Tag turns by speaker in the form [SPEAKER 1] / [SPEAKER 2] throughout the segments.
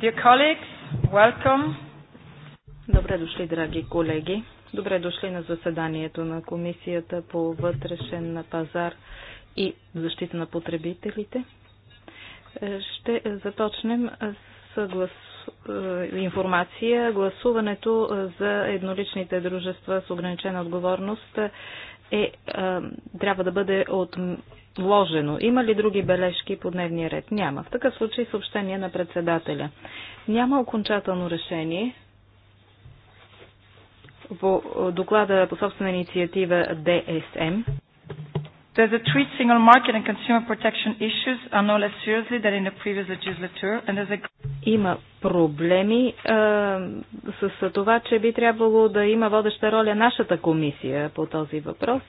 [SPEAKER 1] Dear colleagues, welcome. Добре дошли, драги колеги. Добре дошли на заседанието на Комисията по вътрешен пазар и защита на потребителите. Е, ще започнем с глас... Е, информация. Гласуването е, за едноличните дружества с ограничена отговорност е, а, е, трябва да бъде отложено. Има ли други бележки по дневния ред? Няма. В такъв случай съобщение на председателя. Няма окончателно решение по доклада по собствена инициатива ДСМ. Does it treat single market and consumer protection issues are no less seriously than in the previous legislature? And does it... Има проблеми а, с това, че би трябвало да има водеща роля нашата комисия по този въпрос,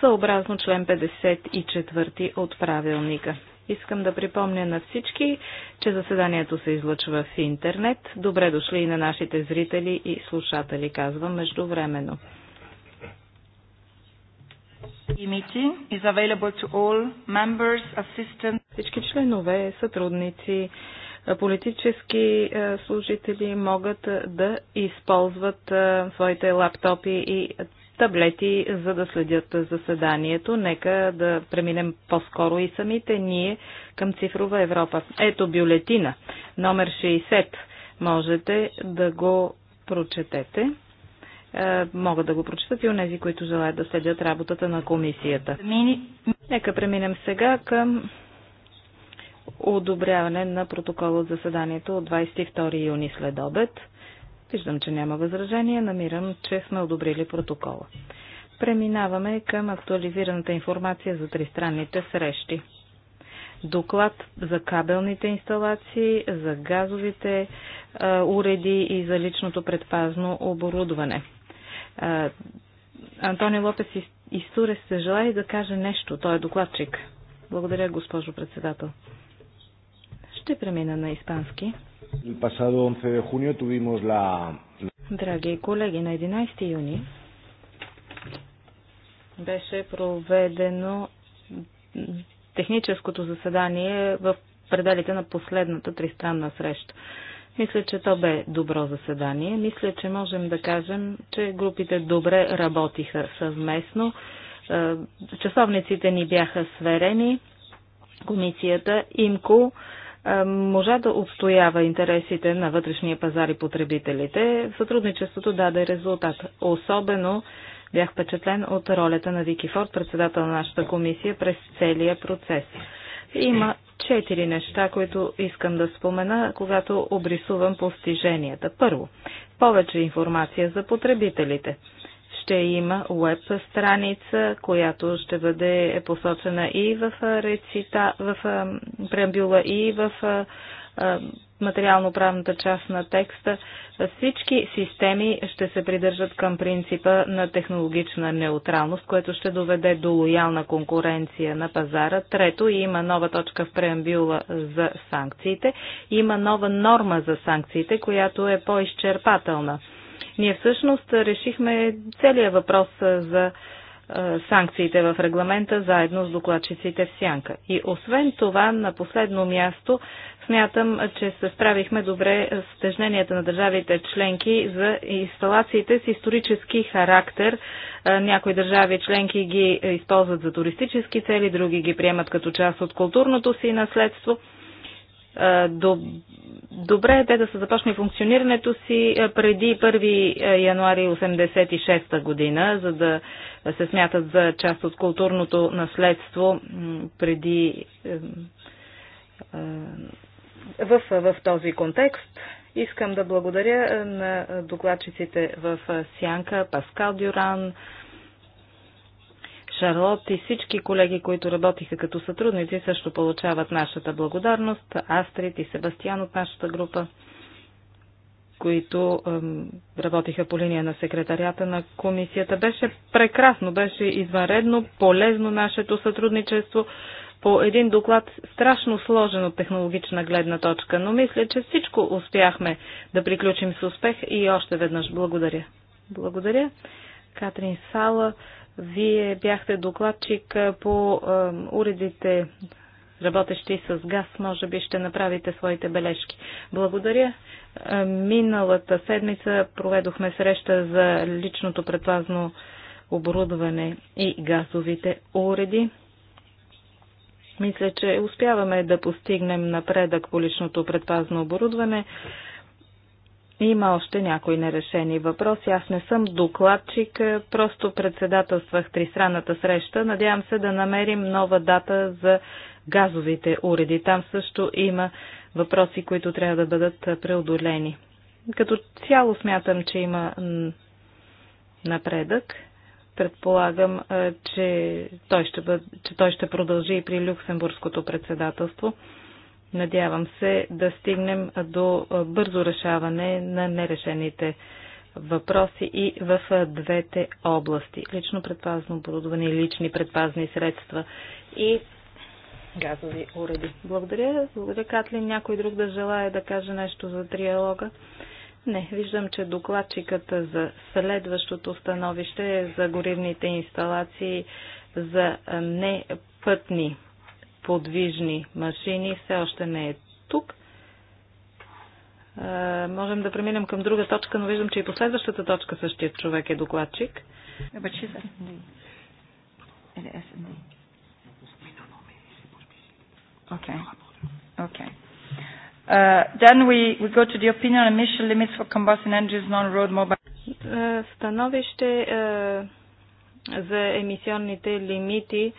[SPEAKER 1] съобразно член 54 от правилника. Искам да припомня на всички, че заседанието се излъчва в интернет. Добре дошли и на нашите зрители и слушатели, казвам междувременно. Всички членове, сътрудници, политически е, служители могат е, да използват е, своите лаптопи и таблети, за да следят заседанието. Нека да преминем по-скоро и самите ние към цифрова Европа. Ето бюлетина, номер 60. Можете да го прочетете. Е, могат да го прочитат и онези, които желаят да следят работата на комисията. Нека преминем сега към одобряване на протокола от заседанието от 22 юни след обед. Виждам, че няма възражение. Намирам, че сме одобрили протокола. Преминаваме към актуализираната информация за тристранните срещи. Доклад за кабелните инсталации, за газовите е, уреди и за личното предпазно оборудване. Антонио Лопес Истурес се желая да каже нещо. Той е докладчик. Благодаря, госпожо председател. Ще премина на испански. Драги колеги, на 11 юни беше проведено техническото заседание в пределите на последната тристранна среща. Мисля, че то бе добро заседание. Мисля, че можем да кажем, че групите добре работиха съвместно. Е, часовниците ни бяха сверени. Комисията ИМКО е, можа да отстоява интересите на вътрешния пазар и потребителите. Сътрудничеството даде резултат. Особено бях впечатлен от ролята на Вики Форд, председател на нашата комисия, през целия процес. Има четири неща, които искам да спомена, когато обрисувам постиженията. Първо, повече информация за потребителите. Ще има веб страница, която ще бъде посочена и в, рецита, в преамбюла, и в материално-правната част на текста, всички системи ще се придържат към принципа на технологична неутралност, което ще доведе до лоялна конкуренция на пазара. Трето, има нова точка в преамбюла за санкциите. Има нова норма за санкциите, която е по-изчерпателна. Ние всъщност решихме целият въпрос за е, санкциите в регламента заедно с докладчиците в сянка. И освен това, на последно място, смятам, че се справихме добре с тежненията на държавите членки за инсталациите с исторически характер. Е, някои държави членки ги използват за туристически цели, други ги приемат като част от културното си наследство. Е, добре е те да са започне функционирането си е, преди 1 е, януари 1986 година, за да се смятат за част от културното наследство преди в, в този контекст. Искам да благодаря на докладчиците в Сянка, Паскал Дюран, Шарлот и всички колеги, които работиха като сътрудници, също получават нашата благодарност. Астрид и Себастиан от нашата група, които ем, работиха по линия на секретарията на комисията. Беше прекрасно, беше извънредно, полезно нашето сътрудничество по един доклад страшно сложен от технологична гледна точка, но мисля, че всичко успяхме да приключим с успех и още веднъж благодаря. Благодаря. Катрин Сала вие бяхте докладчик по уредите работещи с газ, може би ще направите своите бележки. Благодаря. Миналата седмица проведохме среща за личното предпазно оборудване и газовите уреди. Мисля, че успяваме да постигнем напредък по личното предпазно оборудване. Има още някои нерешени въпроси. Аз не съм докладчик, просто председателствах тристранната среща. Надявам се да намерим нова дата за газовите уреди. Там също има въпроси, които трябва да бъдат преодолени. Като цяло смятам, че има напредък. Предполагам, че той ще, бъд, че той ще продължи и при Люксембургското председателство. Надявам се да стигнем до бързо решаване на нерешените въпроси и в двете области. Лично предпазно оборудване и лични предпазни средства и газови уреди. Благодаря. Благодаря, Катли. Някой друг да желая да каже нещо за триалога? Не, виждам, че докладчиката за следващото становище е за горивните инсталации за непътни подвижни машини все още не е тук. Можем да преминем към друга точка, но виждам, че и последващата точка същия човек е докладчик. Е, е е Окей. становище за емисионните лимити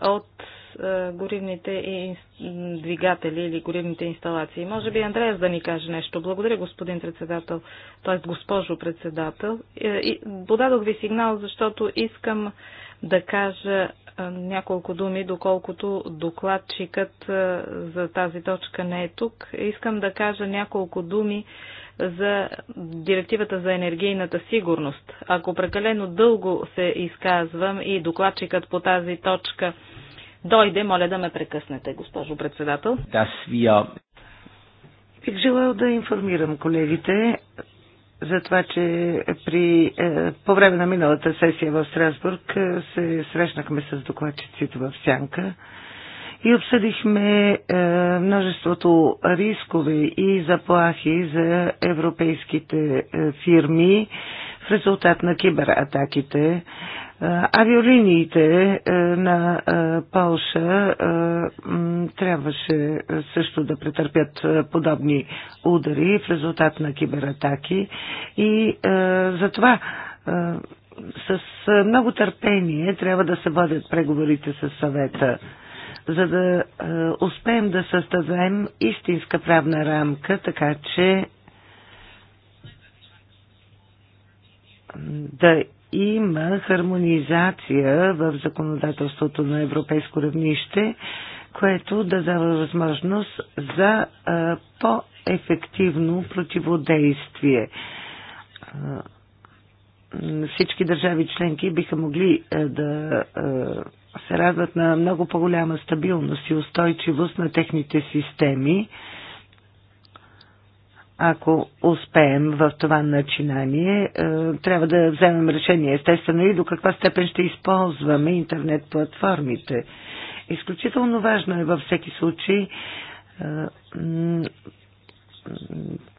[SPEAKER 1] от е, горивните двигатели или горивните инсталации. Може би Андреас да ни каже нещо. Благодаря, господин председател, т.е. госпожо председател. Е, подадох ви сигнал, защото искам да кажа е, няколко думи, доколкото докладчикът за тази точка не е тук. Искам да кажа няколко думи за директивата за енергийната сигурност. Ако прекалено дълго се изказвам и докладчикът по тази точка дойде, моля да ме прекъснете, госпожо председател.
[SPEAKER 2] Да, свия. Бих желал да информирам колегите за това, че при, е, по време на миналата сесия в Страсбург е, се срещнахме с докладчиците в Сянка и обсъдихме е, множеството рискове и заплахи за европейските фирми в резултат на кибератаките. Авиолиниите е, на е, Полша е, трябваше също да претърпят подобни удари в резултат на кибератаки и затова с много търпение трябва да се водят преговорите с съвета, за да успеем да създадем истинска правна рамка, така че да има хармонизация в законодателството на европейско равнище, което да дава възможност за по-ефективно противодействие. Всички държави членки биха могли да се радват на много по-голяма стабилност и устойчивост на техните системи ако успеем в това начинание, е, трябва да вземем решение естествено и до каква степен ще използваме интернет платформите. Изключително важно е във всеки случай е,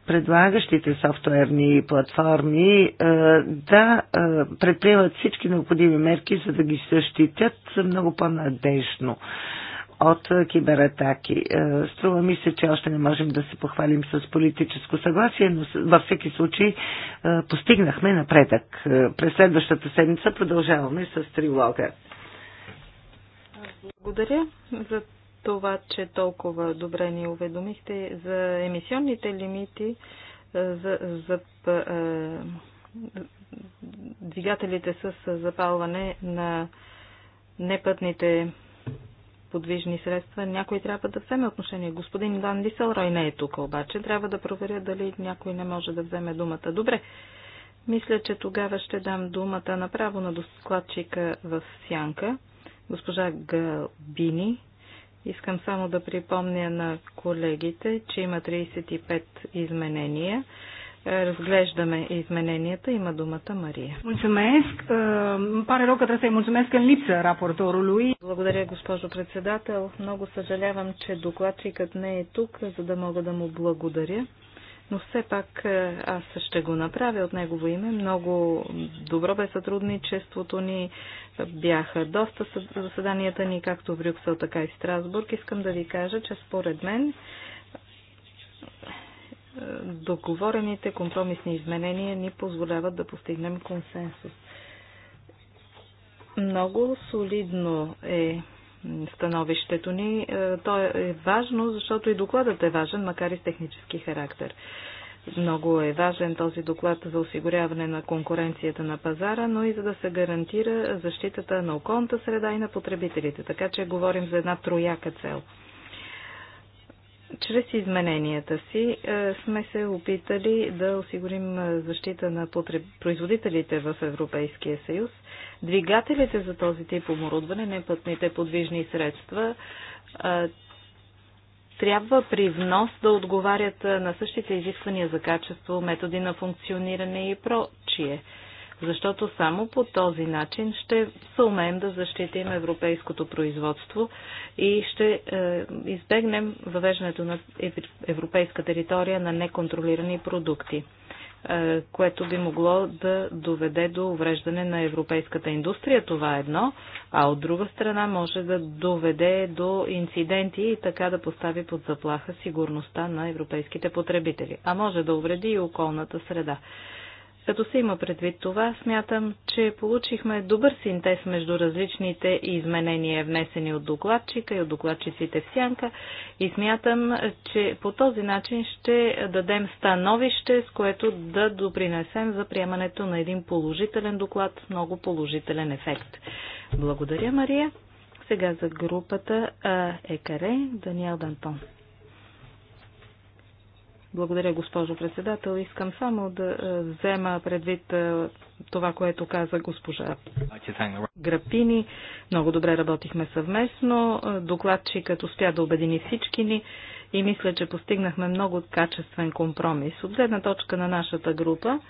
[SPEAKER 2] предлагащите софтуерни платформи е, да предприемат всички необходими мерки, за да ги защитят много по-надежно от е, кибератаки. Е, струва ми се, че още не можем да се похвалим с политическо съгласие, но във всеки случай е, постигнахме напредък. През следващата седмица продължаваме с трилога.
[SPEAKER 1] Благодаря за това, че толкова добре ни уведомихте за емисионните лимити за, за двигателите с запалване на непътните подвижни средства, някой трябва да вземе отношение. Господин Дан Рой не е тук, обаче трябва да проверя дали някой не може да вземе думата. Добре, мисля, че тогава ще дам думата направо на докладчика в Сянка, госпожа Галбини. Искам само да припомня на колегите, че има 35 изменения разглеждаме измененията. Има думата Мария. Mulțumesc. Îmi pare rău că trebuie să-i mulțumesc în lipsă raportorului. Благодаря, госпожо председател. Много съжалявам, че докладчикът не е тук, за да мога да му благодаря. Но все пак аз ще го направя от негово име. Много добро бе сътрудничеството ни. Бяха доста заседанията ни, както в Брюксел, така и в Страсбург. Искам да ви кажа, че според мен договорените компромисни изменения ни позволяват да постигнем консенсус. Много солидно е становището ни. Е, то е важно, защото и докладът е важен, макар и с технически характер. Много е важен този доклад за осигуряване на конкуренцията на пазара, но и за да се гарантира защитата на околната среда и на потребителите. Така че говорим за една трояка цел – чрез измененията си е, сме се опитали да осигурим е, защита на производителите в Европейския съюз. Двигателите за този тип оборудване, непътните подвижни средства, е, трябва при внос да отговарят на същите изисквания за качество, методи на функциониране и прочие защото само по този начин ще съумеем да защитим европейското производство и ще е, избегнем въвеждането на европейска територия на неконтролирани продукти е, което би могло да доведе до увреждане на европейската индустрия. Това е едно, а от друга страна може да доведе до инциденти и така да постави под заплаха сигурността на европейските потребители, а може да увреди и околната среда. Като се има предвид това, смятам, че получихме добър синтез между различните изменения, внесени от докладчика и от докладчиците в сянка и смятам, че по този начин ще дадем становище, с което да допринесем за приемането на един положителен доклад с много положителен ефект. Благодаря, Мария. Сега за групата Екаре Даниел Дантон. Благодаря, госпожо председател. Искам само да е, взема предвид е, това, което каза госпожа Грапини. Много добре работихме съвместно. Е, докладчикът успя да обедини всички ни и мисля, че постигнахме много качествен компромис. От гледна точка на нашата група,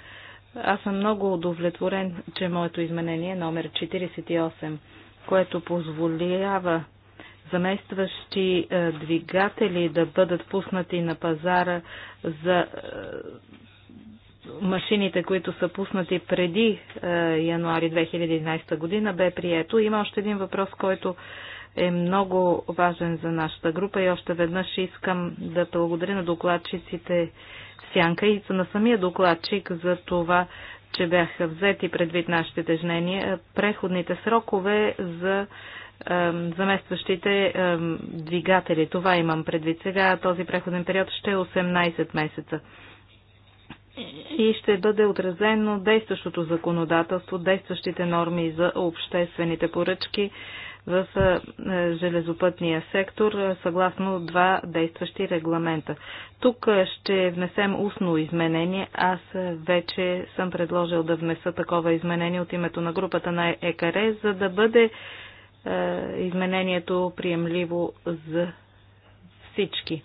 [SPEAKER 1] аз съм много удовлетворен, че моето изменение номер 48, което позволява заместващи е, двигатели да бъдат пуснати на пазара за е, машините, които са пуснати преди е, януари 2011 година, бе прието. Има още един въпрос, който е много важен за нашата група и още веднъж искам да благодаря на докладчиците Сянка и на самия докладчик за това, че бяха взети предвид нашите тежнения. Преходните срокове за заместващите двигатели. Това имам предвид. Сега този преходен период ще е 18 месеца и ще бъде отразено действащото законодателство, действащите норми за обществените поръчки в железопътния сектор, съгласно два действащи регламента. Тук ще внесем устно изменение. Аз вече съм предложил да внеса такова изменение от името на групата на ЕКР, за да бъде е, изменението приемливо за всички.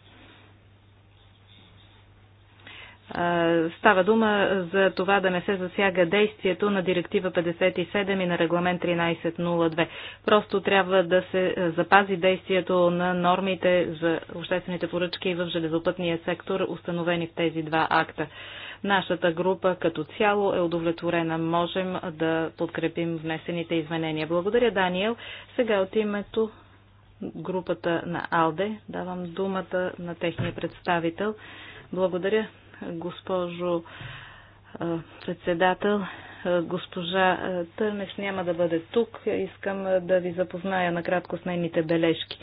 [SPEAKER 1] Става дума за това да не се засяга действието на директива 57 и на регламент 1302. Просто трябва да се е, запази действието на нормите за обществените поръчки в железопътния сектор, установени в тези два акта. Нашата група като цяло е удовлетворена. Можем да подкрепим внесените изменения. Благодаря, Даниел. Сега от името групата на АЛДЕ давам думата на техния представител. Благодаря, госпожо председател. Госпожа Търнеш няма да бъде тук. Искам да ви запозная накратко с нейните бележки.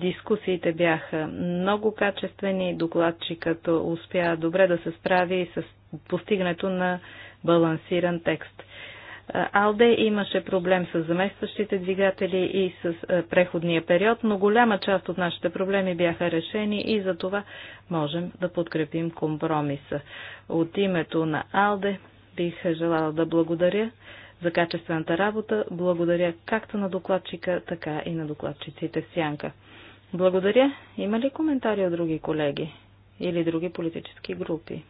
[SPEAKER 1] Дискусиите бяха много качествени. Докладчикът успя добре да се справи с постигането на балансиран текст. Е, Алде имаше проблем с заместващите двигатели и с е, преходния период, но голяма част от нашите проблеми бяха решени и за това можем да подкрепим компромиса. От името на Алде бих желала да благодаря за качествената работа, благодаря както на докладчика, така и на докладчиците в Сянка. Благодаря. Има ли коментари от други колеги или други политически групи?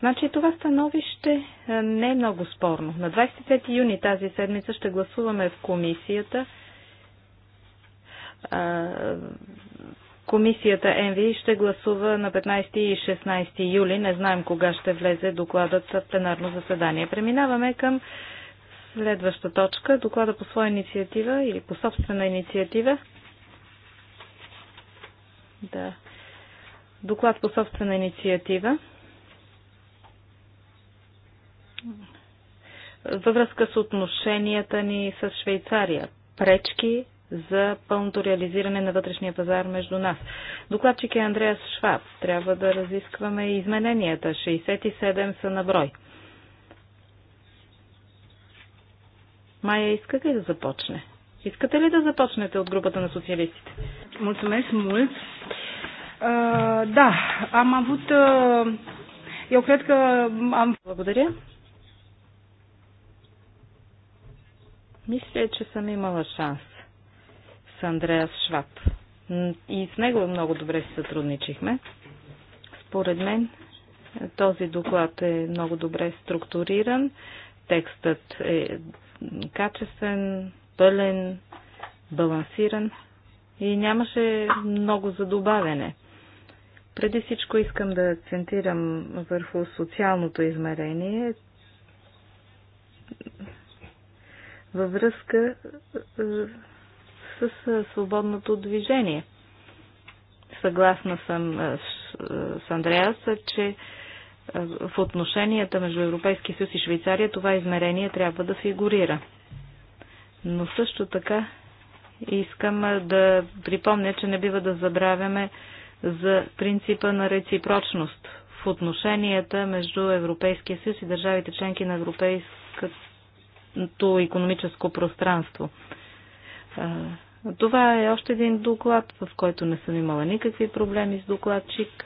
[SPEAKER 1] Значи това становище не е много спорно. На 25 юни тази седмица ще гласуваме в комисията. Комисията ЕНВИ ще гласува на 15 и 16 юли. Не знаем кога ще влезе докладът в пленарно заседание. Преминаваме към следваща точка. Доклада по своя инициатива или по собствена инициатива. Да. Доклад по собствена инициатива във връзка с отношенията ни с Швейцария. Пречки за пълното реализиране на вътрешния пазар между нас. Докладчик е Андреас Шваб. Трябва да разискваме измененията. 67 са на брой. Майя, искате ли да започне? Искате ли да започнете от групата на социалистите? Мултумес, мулт. Да, ама вот... Я Uh, Благодаря. Мисля, че съм имала шанс с Андреас Шваб. И с него много добре се сътрудничихме. Според мен е, този доклад е много добре структуриран, текстът е качествен, пълен, балансиран и нямаше много за добавяне. Преди всичко искам да акцентирам върху социалното измерение във връзка е, е, с е, свободното движение. Съгласна съм с Андреаса, че в отношенията между Европейския съюз и Швейцария това измерение трябва да фигурира. Но също така искам да припомня, че не бива да забравяме за принципа на реципрочност в отношенията между Европейския съюз и държавите членки на Европейската общото економическо пространство. Това е още един доклад, в който не съм имала никакви проблеми с докладчик.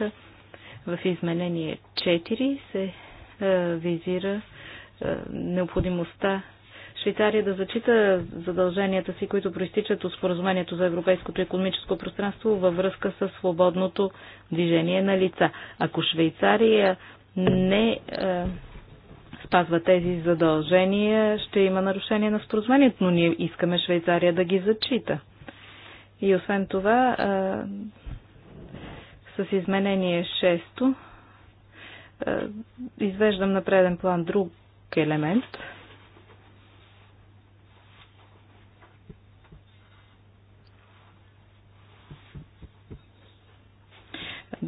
[SPEAKER 1] В изменение 4 се е, визира е, необходимостта Швейцария да зачита задълженията си, които проистичат от споразумението за Европейското економическо пространство във връзка с свободното движение на лица. Ако Швейцария не е, спазва тези задължения, ще има нарушение на споразумението, но ние искаме Швейцария да ги зачита. И освен това, с изменение 6 извеждам на преден план друг елемент –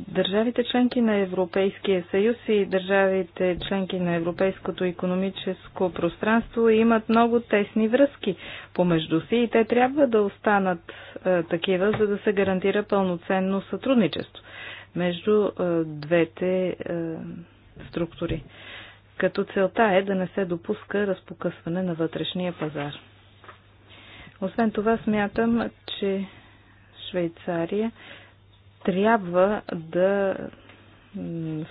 [SPEAKER 1] Държавите членки на Европейския съюз и държавите членки на Европейското економическо пространство имат много тесни връзки помежду си и те трябва да останат е, такива, за да се гарантира пълноценно сътрудничество между е, двете е, структури. Като целта е да не се допуска разпокъсване на вътрешния пазар. Освен това смятам, че Швейцария трябва да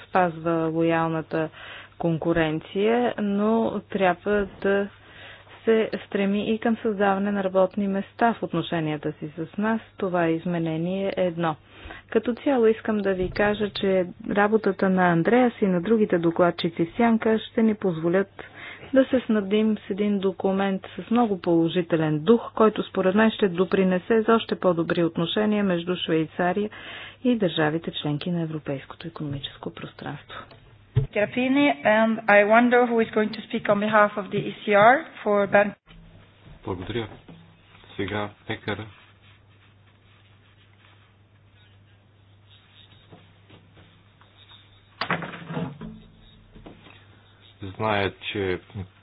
[SPEAKER 1] спазва лоялната конкуренция, но трябва да се стреми и към създаване на работни места в отношенията си с нас. Това изменение е едно. Като цяло искам да ви кажа, че работата на Андреас и на другите докладчици Сянка ще ни позволят да се снабдим с един документ с много положителен дух, който според мен ще допринесе за още по-добри отношения между Швейцария и държавите членки на Европейското економическо пространство. and um, I wonder who is going to speak on behalf of the ECR for Bank.
[SPEAKER 3] Благодаря. Сега пекара. Зная, че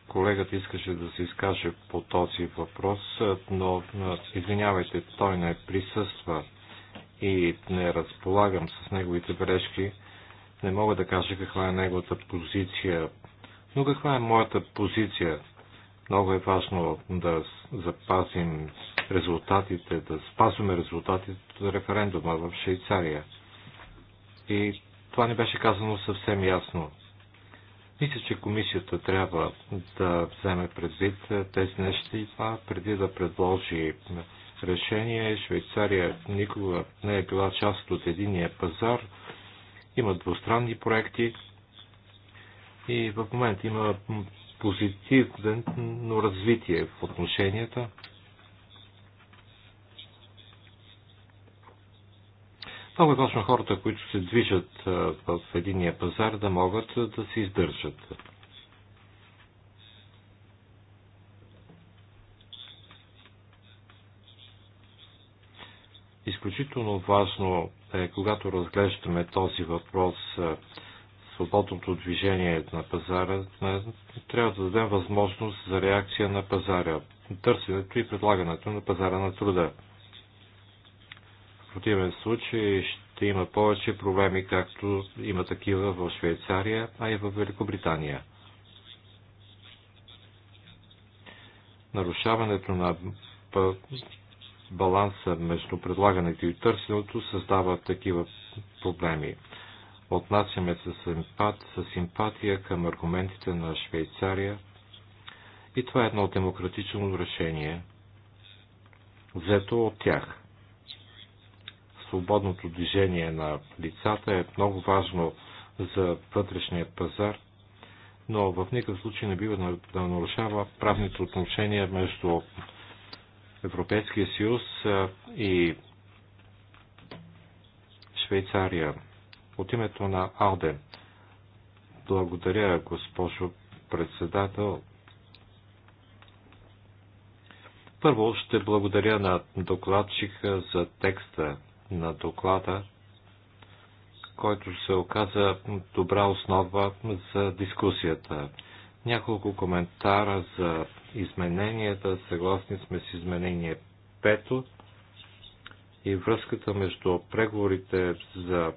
[SPEAKER 3] колегата искаше да се изкаже по този въпрос, но извинявайте, той не присъства и не разполагам с неговите бележки. Не мога да кажа каква е неговата позиция, но каква е моята позиция. Много е важно да запазим резултатите, да спазваме резултатите от референдума в Швейцария. И това не беше казано съвсем ясно. Мисля, че комисията трябва да вземе предвид тези неща и това, преди да предложи решение. Швейцария никога не е била част от единия пазар. Има двустранни проекти и в момента има позитивно развитие в отношенията Много е важно хората, които се движат в единия пазар, да могат да се издържат. Изключително важно е, когато разглеждаме този въпрос, свободното движение на пазара, трябва да дадем възможност за реакция на пазара, търсенето и предлагането на пазара на труда противен случай ще има повече проблеми, както има такива в Швейцария, а и в Великобритания. Нарушаването на баланса между предлагането и търсенето създава такива проблеми. Отнасяме се с симпатия към аргументите на Швейцария и това е едно демократично решение, взето от тях – свободното движение на лицата е много важно за вътрешния пазар, но в никакъв случай не бива да нарушава правните отношения между Европейския съюз и Швейцария. От името на Алде. Благодаря, госпожо председател. Първо ще благодаря на докладчика за текста на доклада, който се оказа добра основа за дискусията. Няколко коментара за измененията. Съгласни сме с изменение 5 и връзката между преговорите за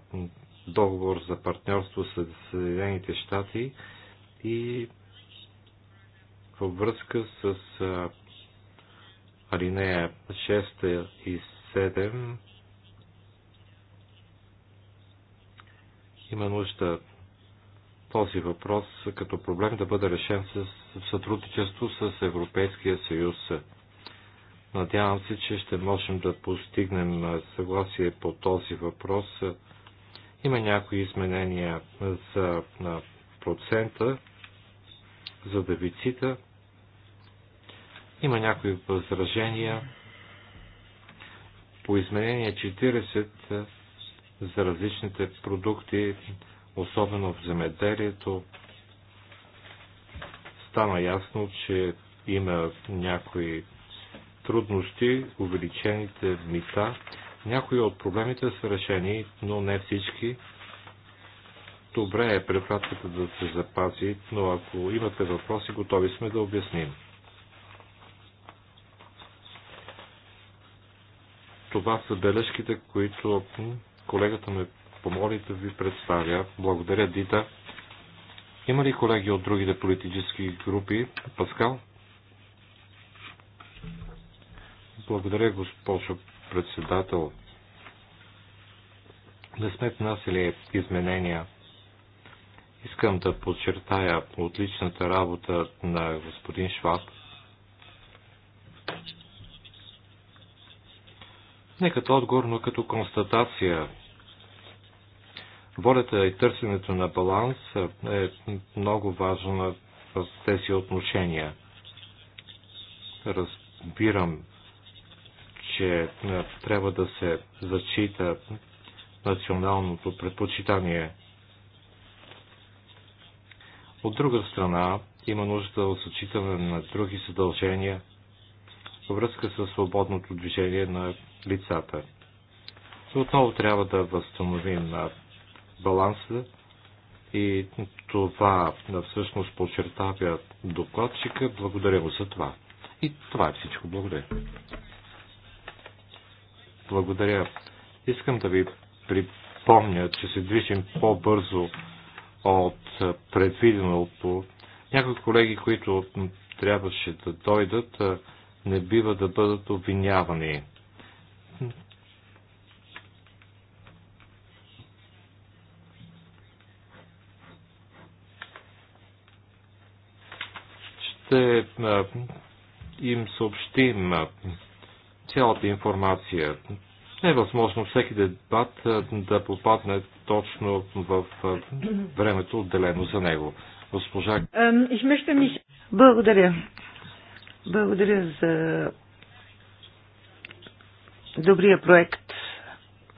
[SPEAKER 3] договор за партньорство с Съединените щати и във връзка с алинея 6 и 7 Има нужда този въпрос като проблем да бъде решен с сътрудничество с Европейския съюз. Надявам се, че ще можем да постигнем съгласие по този въпрос. Има някои изменения за процента, за дефицита. Има някои възражения. По изменение 40 за различните продукти, особено в земеделието. Стана ясно, че има някои трудности, увеличените мита. Някои от проблемите са решени, но не всички. Добре е препратката да се запази, но ако имате въпроси, готови сме да обясним. Това са бележките, които Колегата ме помоли да ви представя. Благодаря, Дита. Има ли колеги от другите политически групи? Паскал? Благодаря, госпожо председател. Не сме внасили изменения. Искам да подчертая отличната работа на господин Шваб не като е отговор, но като констатация. Волята и търсенето на баланс е много важна в тези отношения. Разбирам, че трябва да се зачита националното предпочитание. От друга страна, има нужда от зачитане на други задължения във връзка с свободното движение на лицата. Отново трябва да възстановим баланса и това всъщност подчертава докладчика. Благодаря му за това. И това е всичко. Благодаря. Благодаря. Искам да ви припомня, че се движим по-бързо от предвиденото. Някои колеги, които трябваше да дойдат, не бива да бъдат обвинявани. ще им съобщим цялата информация. Не е възможно всеки дебат да попадне точно в времето отделено за него. Госпожа...
[SPEAKER 1] Благодаря.
[SPEAKER 2] Благодаря за добрия проект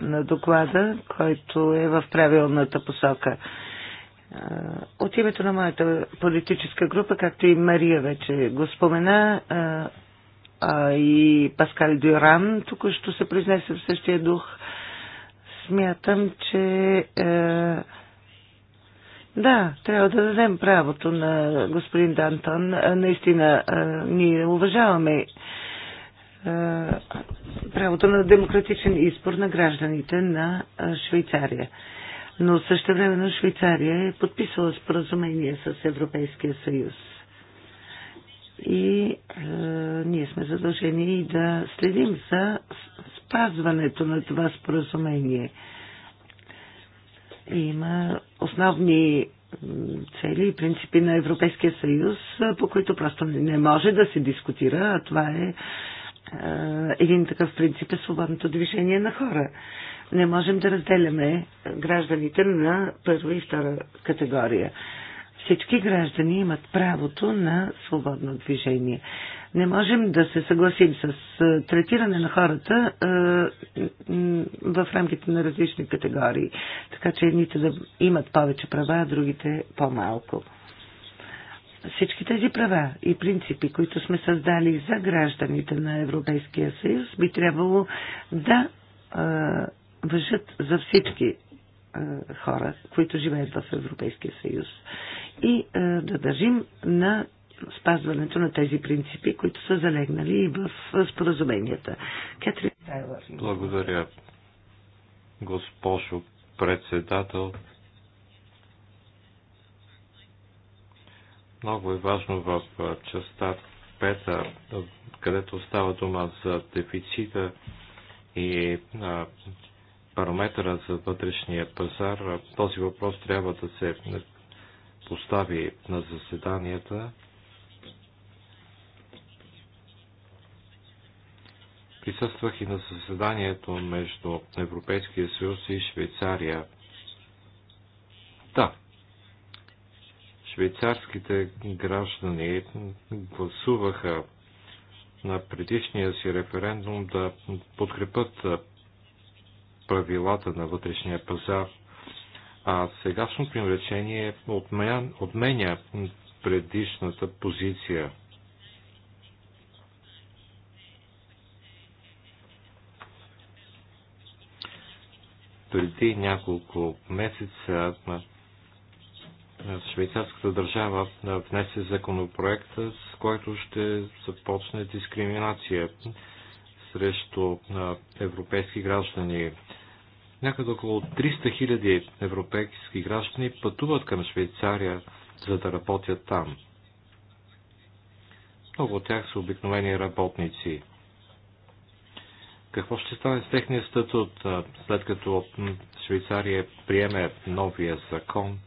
[SPEAKER 2] на доклада, който е в правилната посока. От името на моята политическа група, както и Мария вече го спомена, а и Паскал Дюран тук ще се произнесе в същия дух, смятам, че е, да, трябва да дадем правото на господин Дантон. Наистина, ние уважаваме е, правото на демократичен избор на гражданите на Швейцария но също времено Швейцария е подписала споразумение с Европейския съюз. И е, ние сме задължени да следим за спазването на това споразумение. Има основни цели и принципи на Европейския съюз, по които просто не може да се дискутира, а това е, е един такъв принцип е свободното движение на хора. Не можем да разделяме гражданите на първа и втора категория. Всички граждани имат правото на свободно движение. Не можем да се съгласим с третиране на хората в рамките на различни категории, така че едните да имат повече права, а другите по-малко. Всички тези права и принципи, които сме създали за гражданите на Европейския съюз, би трябвало да въжат за всички е, хора, които живеят в Европейския съюз. И е, да държим на спазването на тези принципи, които са залегнали и в споразуменията. Кетрин
[SPEAKER 3] Тайлър. Благодаря, госпожо председател. Много е важно в е, частта пета, където става дума за дефицита и параметъра за вътрешния пазар, този въпрос трябва да се постави на заседанията. Присъствах и на заседанието между Европейския съюз и Швейцария. Да, швейцарските граждани гласуваха на предишния си референдум да подкрепят правилата на вътрешния пазар. А сегашното им речение отменя, отменя предишната позиция. преди няколко месеца швейцарската държава внесе законопроект, с който ще започне дискриминация срещу европейски граждани Някъде около 300 хиляди европейски граждани пътуват към Швейцария, за да работят там. Много от тях са обикновени работници. Какво ще стане с техния статут, след като Швейцария приеме новия закон?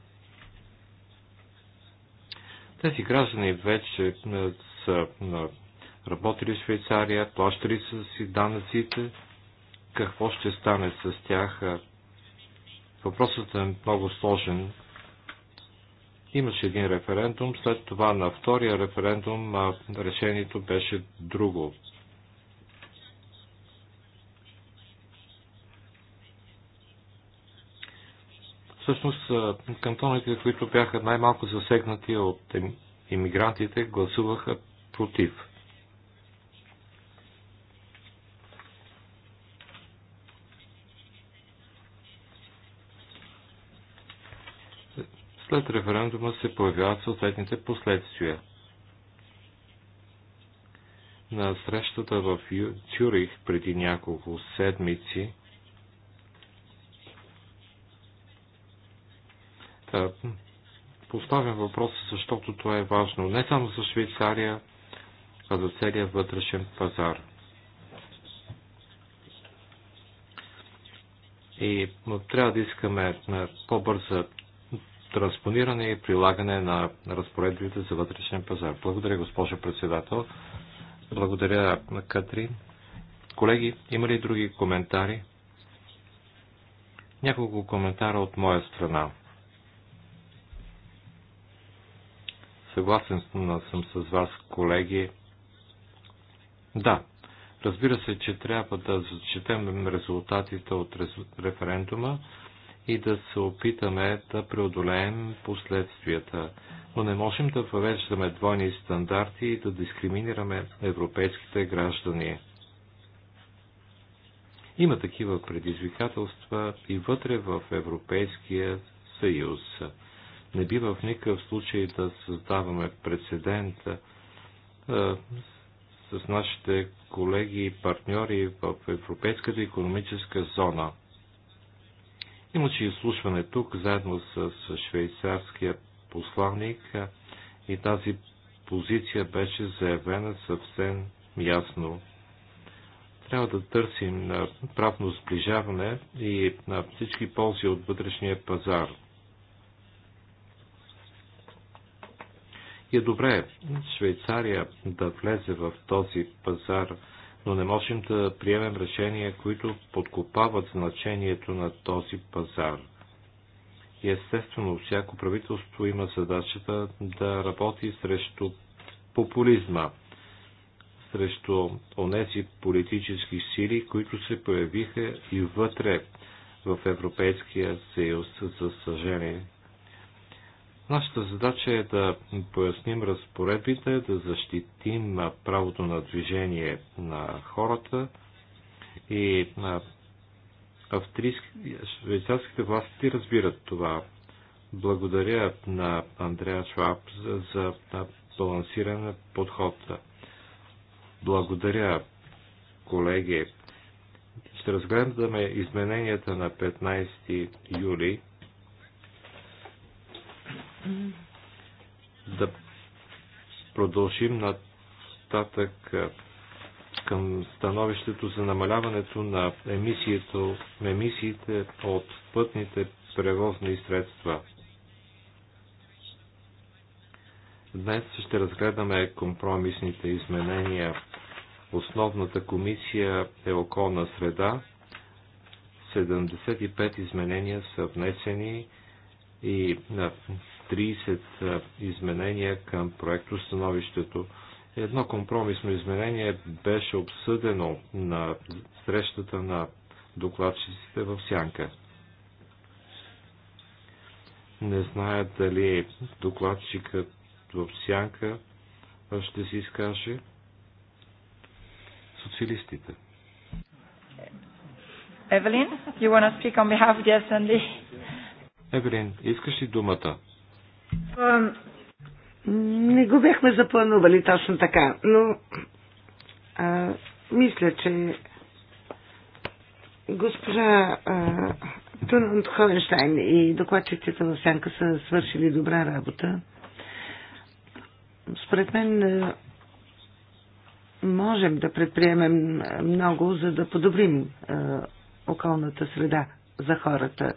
[SPEAKER 3] Тези граждани вече са работили в Швейцария, плащали са си данъците, какво ще стане с тях. Въпросът е много сложен. Имаше един референдум, след това на втория референдум решението беше друго. Всъщност кантоните, които бяха най-малко засегнати от иммигрантите, гласуваха против. след референдума се появяват съответните последствия. На срещата в Цюрих преди няколко седмици да, поставям въпроса, защото това е важно не само за Швейцария, а за целия вътрешен пазар. И трябва да искаме на по-бърза транспониране и прилагане на разпоредбите за вътрешен пазар. Благодаря, госпожо председател. Благодаря на Катрин. Колеги, има ли други коментари? Няколко коментара от моя страна. Съгласен съм с вас, колеги. Да, разбира се, че трябва да зачетем резултатите от референдума, и да се опитаме да преодолеем последствията. Но не можем да въвеждаме двойни стандарти и да дискриминираме европейските граждани. Има такива предизвикателства и вътре в Европейския съюз. Не бива в никакъв случай да създаваме прецедента с нашите колеги и партньори в Европейската економическа зона. Имаше изслушване тук заедно с швейцарския посланник и тази позиция беше заявена съвсем ясно. Трябва да търсим правно сближаване и на всички ползи от вътрешния пазар. И е добре Швейцария да влезе в този пазар – но не можем да приемем решения, които подкопават значението на този пазар. И естествено, всяко правителство има задачата да работи срещу популизма, срещу онези политически сили, които се появиха и вътре в Европейския съюз. За съжаление, Нашата задача е да поясним разпоредбите, да защитим правото на движение на хората и австрийски, швейцарските власти разбират това. Благодаря на Андреа Шваб за, за балансиран подход. Благодаря, колеги. Ще разгледаме измененията на 15 юли да продължим нататък към становището за намаляването на емисиите от пътните превозни средства. Днес ще разгледаме компромисните изменения. Основната комисия е околна среда. 75 изменения са внесени и 30 изменения към проекто становището. Едно компромисно изменение беше обсъдено на срещата на докладчиците в Сянка. Не знаят дали докладчикът в Сянка ще си изкаже социалистите.
[SPEAKER 2] Евелин, you want to speak on behalf of the assembly?
[SPEAKER 3] Евелин, искаш ли думата?
[SPEAKER 2] Не го бяхме запланували точно така, но а, мисля, че госпожа Тунанд Хоенштайн и докладчиците на Сянка са свършили добра работа. Според мен можем да предприемем много, за да подобрим околната среда за хората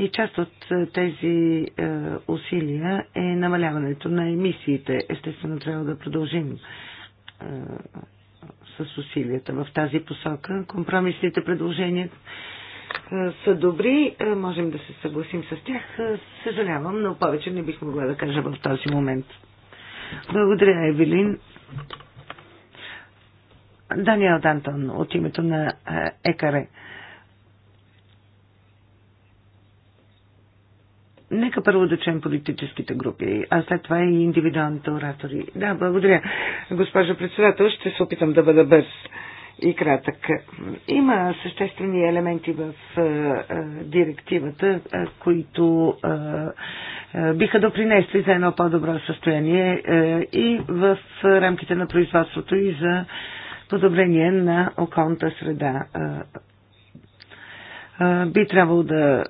[SPEAKER 2] и част от е, тези е, усилия е намаляването на емисиите. Естествено, трябва да продължим е, с усилията в тази посока. Компромисните предложения са добри, можем да се съгласим с тях. Съжалявам, но повече не бих могла да кажа в този момент. Благодаря, Евелин. Даниел Дантон от името на ЕКАРЕ. Нека първо да чуем политическите групи, а след това и индивидуалните оратори. Да, благодаря. Госпожо председател, ще се опитам да бъда бърз и кратък. Има съществени елементи в е, е, директивата, е, които е, е, биха допринесли за едно по-добро състояние и в рамките на производството и за подобрение на околната среда. би трябвало да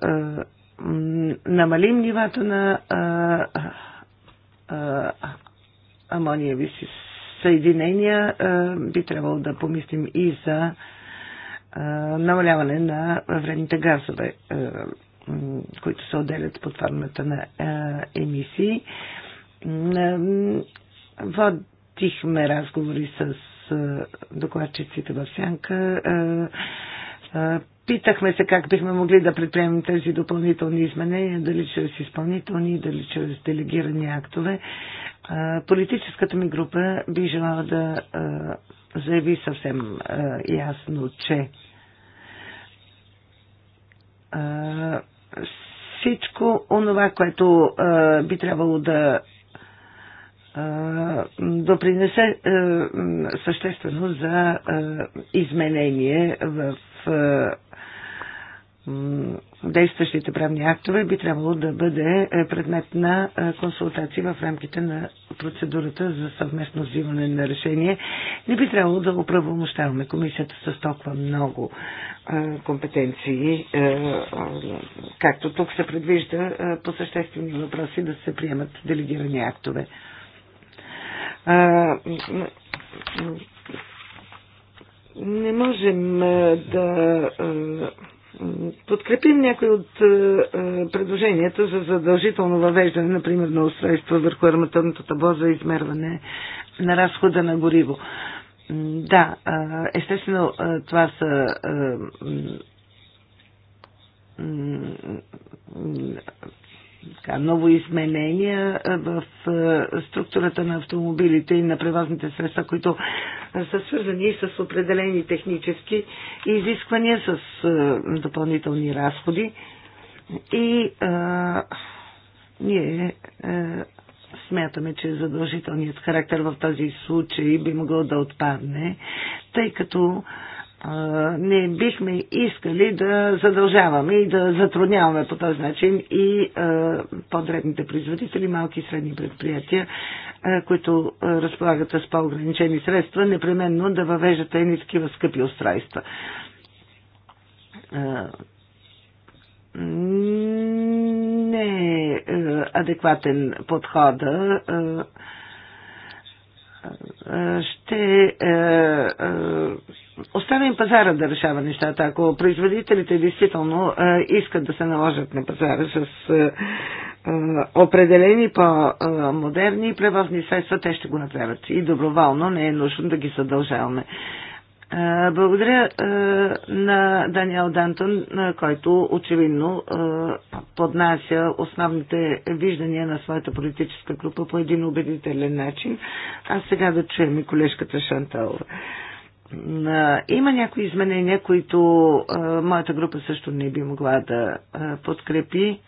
[SPEAKER 2] намалим нивата на амониеви си съединения, а, би трябвало да помислим и за а, намаляване на вредните газове, а, които се отделят под формата на а, емисии. Водихме разговори с докладчиците в Сянка. а, Питахме се как бихме могли да предприемем тези допълнителни изменения, дали чрез изпълнителни, дали чрез делегирани актове. Политическата ми група би желала да заяви съвсем ясно, че всичко онова, което би трябвало да допринесе съществено за изменение в действащите правни актове би трябвало да бъде е, предмет на е, консултации в рамките на процедурата за съвместно взимане на решение. Не би трябвало да оправомощаваме комисията с толкова много е, компетенции, както тук се предвижда по съществени въпроси да се приемат делегирани актове не можем да подкрепим някои от е, е, предложенията за задължително въвеждане, например, на устройство върху арматурното табло за измерване на разхода на гориво. Да, естествено, това са така, ново изменения в структурата на автомобилите и на превозните средства, които са свързани с определени технически изисквания, с допълнителни разходи. И а, ние а, смятаме, че задължителният характер в този случай би могъл да отпадне, тъй като а, не бихме искали да задължаваме и да затрудняваме по този начин и подредните производители, малки и средни предприятия, които разполагат с по-ограничени средства, непременно да въвеждат едни такива скъпи устройства. Не е адекватен подхода ще оставим пазара да решава нещата. Ако производителите действително е, искат да се наложат на пазара с е, е, определени по-модерни превозни средства, те ще го направят. И доброволно не е нужно да ги съдължаваме. Благодаря на Даниел Дантон, който очевидно поднася основните виждания на своята политическа група по един убедителен начин. А сега да чуем и колежката Шантал. Има някои изменения, които моята група също не би могла да подкрепи.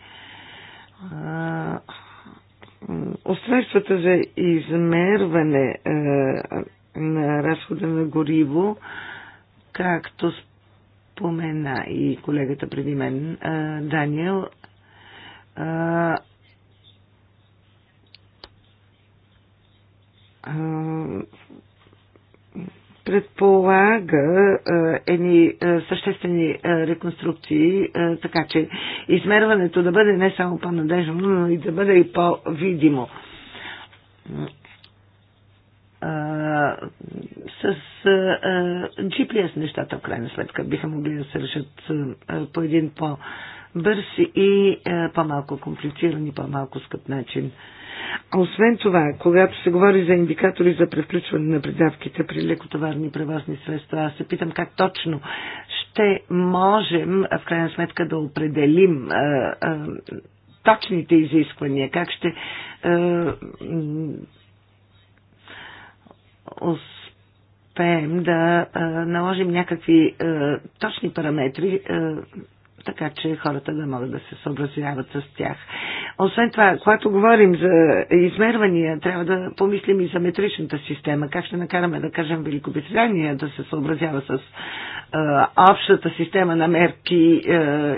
[SPEAKER 2] Устройствата за измерване на разхода на гориво, както спомена и колегата преди мен, Даниел, предполага едни съществени реконструкции, така че измерването да бъде не само по-надежно, но и да бъде и по-видимо. С GPS нещата в крайна сметка биха могли да се решат по един по- бърз и е, по-малко комплициран и по-малко скъп начин. А освен това, когато се говори за индикатори за превключване на придавките при лекотоварни превозни средства, аз се питам как точно ще можем в крайна сметка да определим е, е, точните изисквания, как ще е, успеем да наложим някакви е, точни параметри така че хората да могат да се съобразяват с тях. Освен това, когато говорим за измервания, трябва да помислим и за метричната система. Как ще накараме, да кажем, Великобритания да се съобразява с е, общата система на мерки е,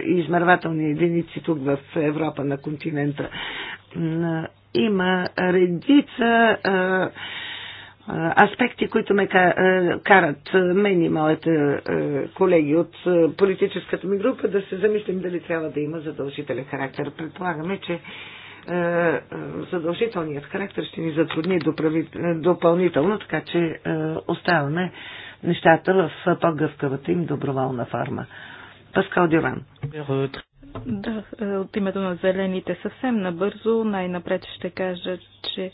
[SPEAKER 2] и измервателни единици тук в Европа на континента. Има редица. Е, аспекти, които ме карат мен и моите колеги от политическата ми група да се замислим дали трябва да има задължителен характер. Предполагаме, че задължителният характер ще ни затрудни допълнително, така че оставяме нещата в по-гъвкавата им доброволна форма. Паскал Диван.
[SPEAKER 1] Да, е, от името на зелените съвсем набързо най-напред ще кажа, че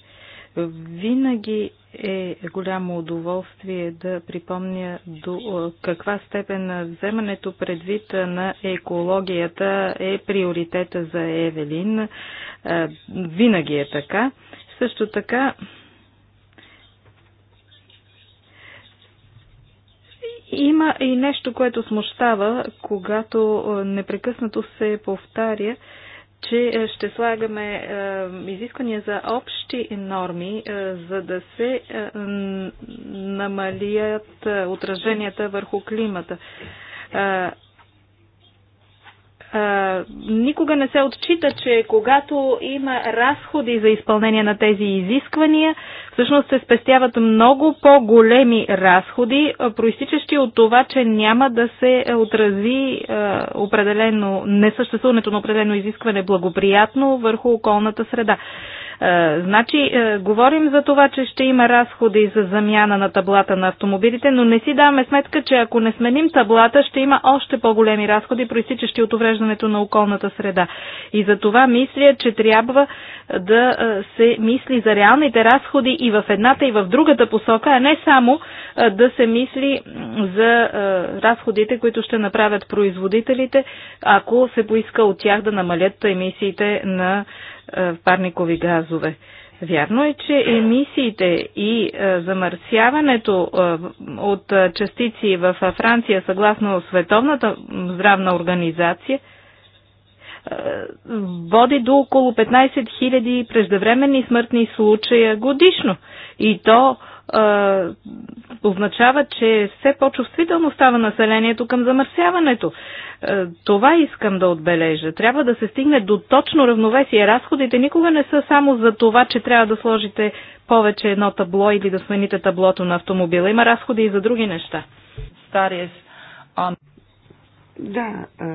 [SPEAKER 1] винаги е голямо удоволствие да припомня до каква степен вземането предвид на екологията е приоритета за Евелин. Винаги е така. Също така Има и нещо, което смущава, когато непрекъснато се повтаря, че е, ще слагаме е, изисквания за общи норми, е, за да се намалият отраженията върху климата никога не се отчита, че когато има разходи за изпълнение на тези изисквания, всъщност се спестяват много по-големи разходи, проистичащи от това, че няма да се отрази определено, несъществуването на определено изискване благоприятно върху околната среда. Е, значи, е, говорим за това, че ще има разходи за замяна на таблата на автомобилите, но не си даваме сметка, че ако не сменим таблата, ще има още по-големи разходи, проистичащи от увреждането на околната среда. И за това мисля, че трябва е, да се мисли за реалните разходи и в едната, и в другата посока, а не само да се мисли за разходите, които ще направят производителите, ако се поиска от тях да намалят емисиите на е, парникови газове. Вярно е, че емисиите и е, замърсяването е, от частици в Франция, съгласно Световната здравна организация, води до около 15 000 преждевременни смъртни случая годишно. И то а, означава, че все по-чувствително става населението към замърсяването. А, това искам да отбележа. Трябва да се стигне до точно равновесие. Разходите никога не са само за това, че трябва да сложите повече едно табло или да смените таблото на автомобила. Има разходи и за други неща. Um, да. А,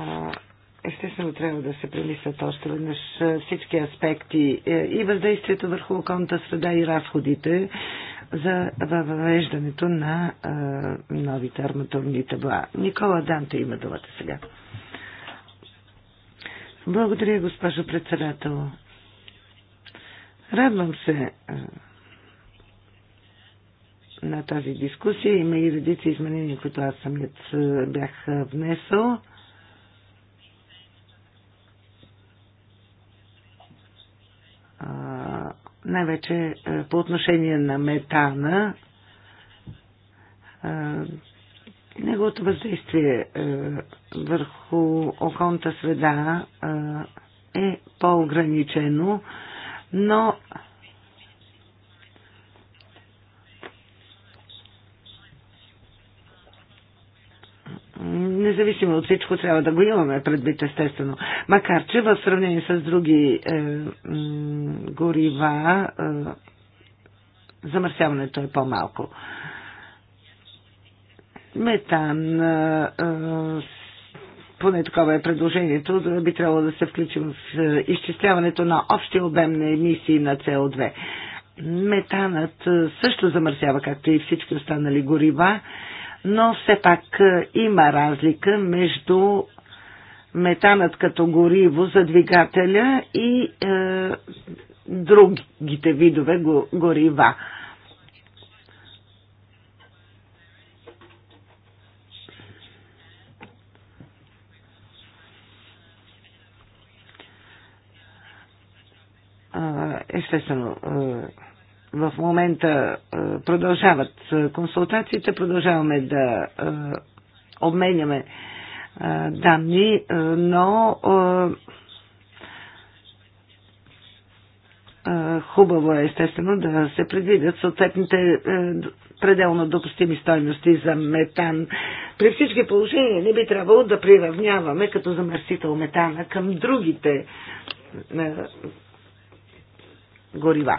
[SPEAKER 2] а, Естествено, трябва да се премислят още веднъж всички аспекти е, и въздействието върху околната среда и разходите за въвеждането на а, новите арматурни табла. Никола Данте има думата сега. Благодаря, госпожо председател. Радвам се а, на тази дискусия. Има и редици изменения, които аз самият бях внесъл. най-вече е, по отношение на метана, е, неговото въздействие е, върху околната среда е по-ограничено, но независимо от всичко, трябва да го имаме предвид, естествено. Макар, че в сравнение с други е, горива замърсяването е по-малко. Метан, поне такова е предложението, да би трябвало да се включим в изчисляването на общия обем на емисии на СО2. Метанът също замърсява, както и всички останали горива, но все пак има разлика между метанът като гориво за двигателя и е, другите видове горива. Естествено, в момента продължават консултациите, продължаваме да обменяме данни, но Хубаво е, естествено, да се предвидят съответните е, пределно допустими стойности за метан. При всички положения не би трябвало да приравняваме като замърсител метана към другите е, горива.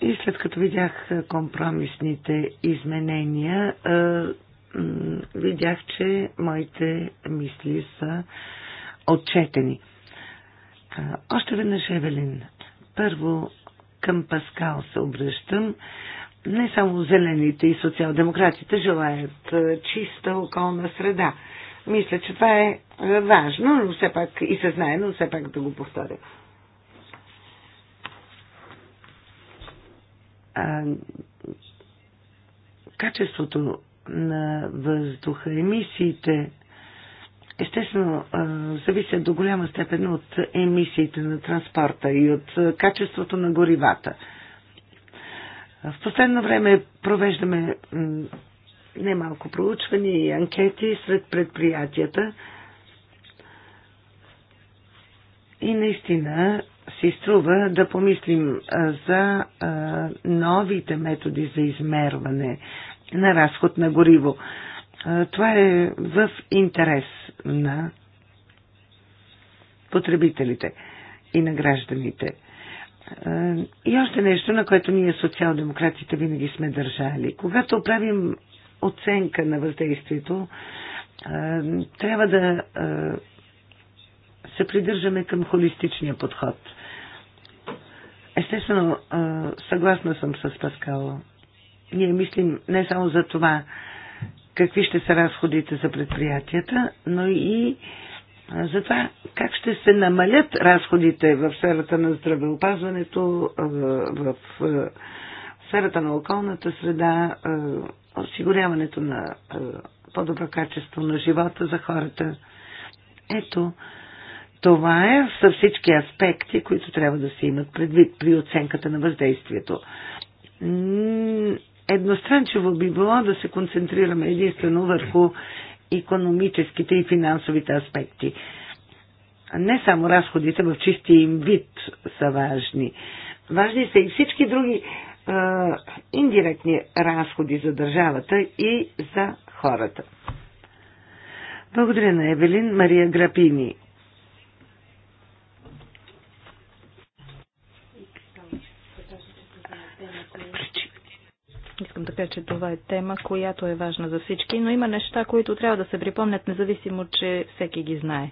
[SPEAKER 2] И след като видях компромисните изменения, е, видях, че моите мисли са отчетени. Още веднъж, Евелин, първо към Паскал се обръщам. Не само зелените и социал-демократите желаят чиста околна среда. Мисля, че това е важно, но все пак и се знае, но все пак да го повторя. А, качеството на въздуха, емисиите, естествено, зависят до голяма степен от емисиите на транспорта и от качеството на горивата. В последно време провеждаме немалко проучвания и анкети сред предприятията и наистина си струва да помислим за новите методи за измерване на разход на гориво. Това е в интерес на потребителите и на гражданите. И още нещо, на което ние социал-демократите винаги сме държали. Когато правим оценка на въздействието, трябва да се придържаме към холистичния подход. Естествено, съгласна съм с Паскал ние мислим не само за това какви ще са разходите за предприятията, но и за това как ще се намалят разходите в сферата на здравеопазването, в сферата на околната среда, осигуряването на по-добро качество на живота за хората. Ето, това е са всички аспекти, които трябва да се имат предвид при оценката на въздействието едностранчиво би било да се концентрираме единствено върху економическите и финансовите аспекти. Не само разходите в чистия им вид са важни. Важни са и всички други е, индиректни разходи за държавата и за хората. Благодаря на Евелин Мария Грапини
[SPEAKER 1] Искам да кажа, че това е тема, която е важна за всички, но има неща, които трябва да се припомнят, независимо, че всеки ги знае.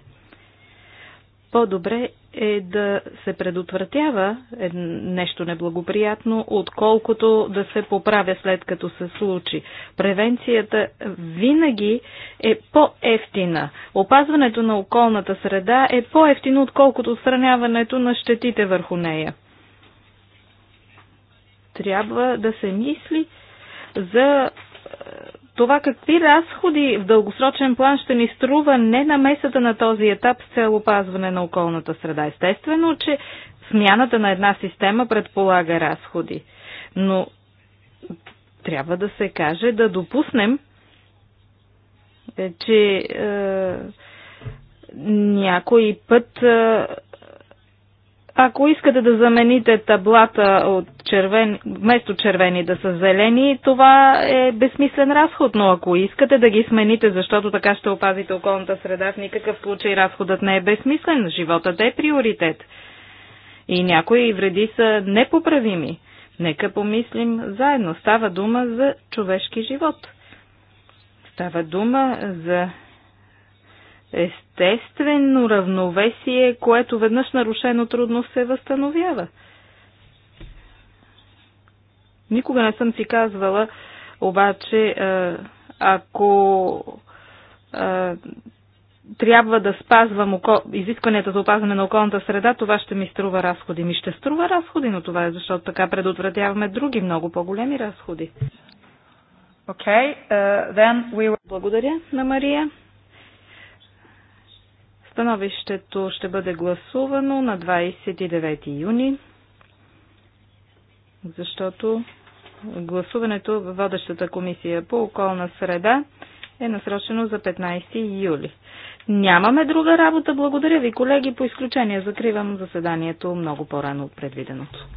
[SPEAKER 1] По-добре е да се предотвратява нещо неблагоприятно, отколкото да се поправя след като се случи. Превенцията винаги е по-ефтина. Опазването на околната среда е по-ефтино, отколкото отстраняването на щетите върху нея трябва да се мисли за е, това какви разходи в дългосрочен план ще ни струва не на месата на този етап с цел опазване на околната среда. Естествено, че смяната на една система предполага разходи. Но трябва да се каже, да допуснем, е, че е, някой път е, ако искате да замените таблата от червен, вместо червени да са зелени, това е безсмислен разход, но ако искате да ги смените, защото така ще опазите околната среда, в никакъв случай разходът не е безсмислен. Животът е приоритет. И някои вреди са непоправими. Нека помислим заедно. Става дума за човешки живот. Става дума за естествено равновесие, което веднъж нарушено трудно се възстановява. Никога не съм си казвала, обаче, ако трябва да спазвам изискванията за опазване на околната среда, това ще ми струва разходи. Ми ще струва разходи, но това е защото така предотвратяваме други много по-големи разходи. Okay, uh, then we... Благодаря на Мария. Становището ще бъде гласувано на 29 юни, защото гласуването в водещата комисия по околна среда е насрочено за 15 юли. Нямаме друга работа. Благодаря ви, колеги. По изключение закривам заседанието много по-рано от предвиденото.